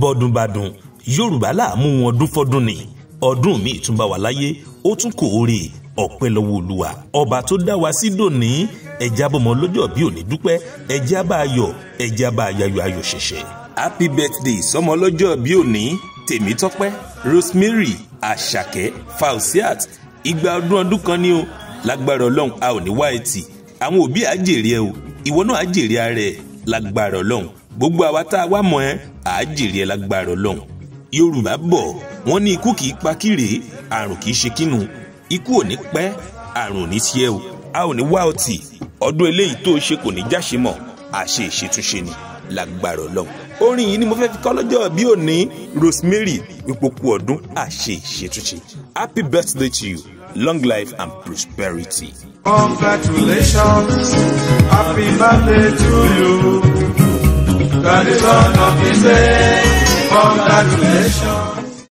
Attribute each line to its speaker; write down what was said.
Speaker 1: bọ́dúnbadùn yorùbá láàmú wọn ọdún fọ́dún ni ọdún mi tún bá wà láyé ó tún kò oore ọpẹ́ lọ́wọ́ olúwa ọba tó dá wa sí dòní ẹjá bọmọ lọ́jọ́ bí òní dúpẹ́ ẹjá bá a yọ̀ ẹjá bá a yayọ̀ ayọ̀ happy birthday sọmọ lọ́jọ́ bí òní tèmítọ́pẹ́ rosemary àṣàkẹ́ falsiat igba ọdún ọdún kan ni o lágbára ọlọ́run a ò ní wá ẹtì àwọn òbí àjèrè ẹ o ìwọ náà àjèrè ara ẹ lágbára ọlọ́run gbogbo àwa tá a wá mọ̀ ẹ́ àá jèrè lágbára ọlọ́run yorùbá bọ̀ wọ́n ní ikú kì í pa kíre àrùn kì í ṣe kínu ikú ò ní pẹ́ àrùn ò ní sí ẹ a ò ní wá ọtí ọdún eléyìí tó ṣe kò ní jáṣe mọ́ àṣe ìṣètúnṣe ni lágbára ọlọ́run orin yìí ni mo fẹ́ fi kọ́ lọ́jọ́ bí òní rosemary ìpòkù ọdún àṣe ìṣètúnṣe happy birthday to you long life and prosperity. congratulations
Speaker 2: happy birthday to you. the Son of His that Congratulations.